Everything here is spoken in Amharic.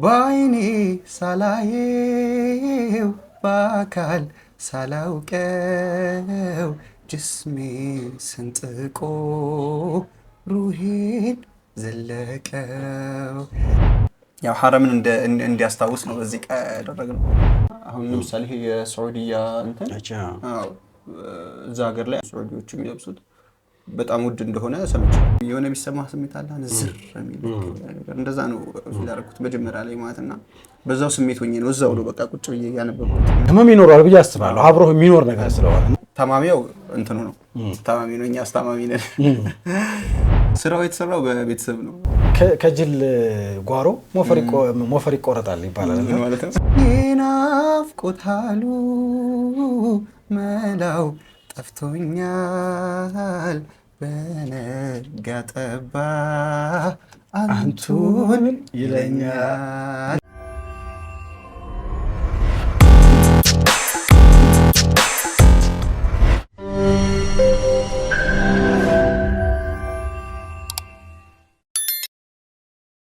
በአይኔ ሳላየው በአካል ሳላውቀው ጅስሜ ስንጥቆ ሩሄን ዘለቀው። ያው ሐረምን እንዲያስታውስ ነው በዚህ ቀ ያደረግነው። አሁን ለምሳሌ የሳዑዲያ እንትን እዛ ሀገር ላይ ሳዑዲዎቹ የሚለብሱት በጣም ውድ እንደሆነ ሰምቼ የሆነ የሚሰማ ስሜት አለ ዝር የሚል እንደዛ ነው ያደረኩት መጀመሪያ ላይ ማለት እና በዛው ስሜት ሆኜ ነው እዛው ነው በቃ ቁጭ ብዬ ያነበብኩት። ህመም ይኖረዋል ብዬ አስባለሁ አብሮ የሚኖር ነገር ስለሆነ ታማሚው እንትኑ ነው ታማሚ ነው፣ እኛ አስታማሚ ነን። ስራው የተሰራው በቤተሰብ ነው። ከጅል ጓሮ ሞፈር ይቆረጣል ይባላል ማለት ነው። ይናፍቆታሉ መላው ጠፍቶኛል በነጋ ጠባ አንቱን ይለኛል